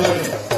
Gracias.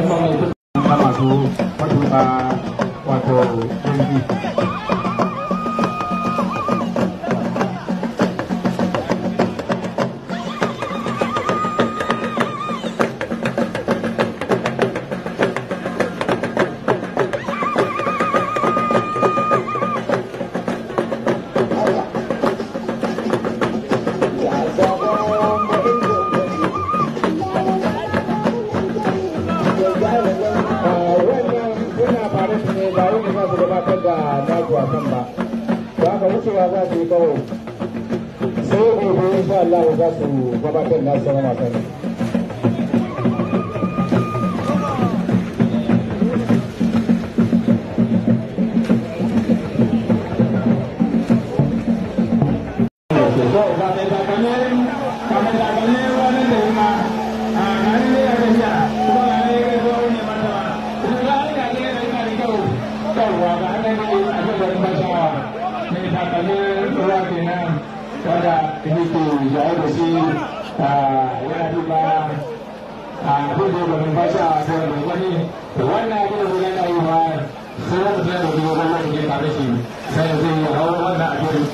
Assalamualaikum warahmatullahi wabarakatuh. ga babu a kan ba ba ka wucewa za su yi kawai sai gobe insha Allah za su gabatar na sauran wasanni wanda ah, ah, nake jaye da shi yana duba abin da ya gabin bashi a wasan wani da wannan abin yana yi ba sai ah, wata tsaye da duba gwamnati yi hawa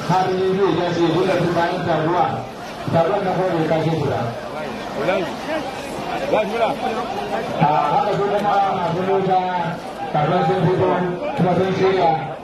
har yi zai ja shi dole su bayan A haka su kuma masu fito kuma shirya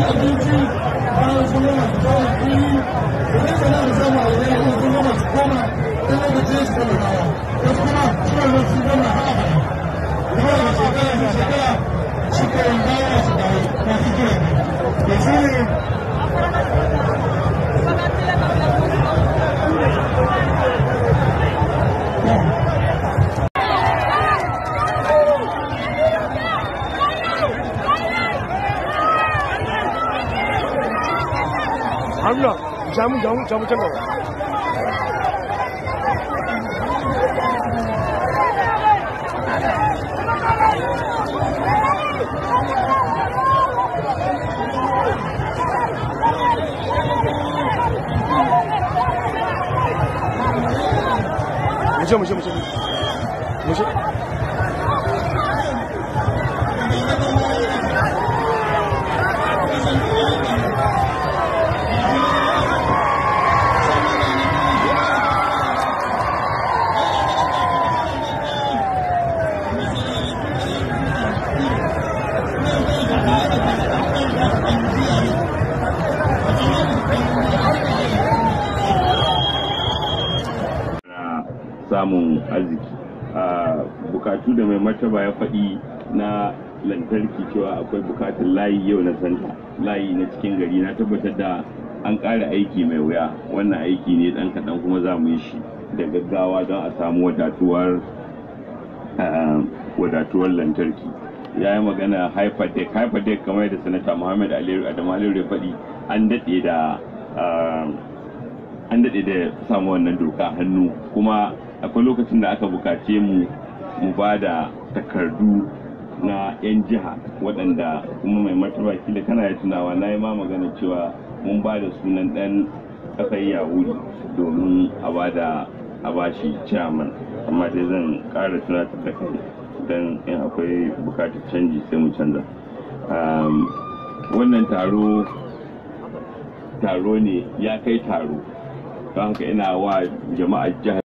Thank you. 全部全部全部全部。没事没事没事没事。samun arziki a bukatu da mai mataba ya faɗi na lantarki cewa akwai bukatun layi yau na santa layi na cikin gari na tabbatar da an ƙara aiki mai wuya wannan aiki ne ɗan kaɗan kuma za mu yi shi da gaggawa don a samu wadatuwar lantarki ya yi magana hyperdeck hyperdeck kamar yadda sanata muhammad aliyu adamu aliyu ya faɗi an daɗe da an daɗe da samu wannan doka hannu kuma akwai lokacin da aka bukace mu mu ba da takardu na 'yan jiha waɗanda kuma mai martaba kila kana ya tunawa na yi ma magana cewa mun ba da sunan ɗan ƙasar yahudi domin a ba da a bashi chairman amma dai zan ƙara tunatar da kai don in akwai bukatar canji sai mu canza wannan taro taro ne ya kai taro don haka ina wa jama'ar jihar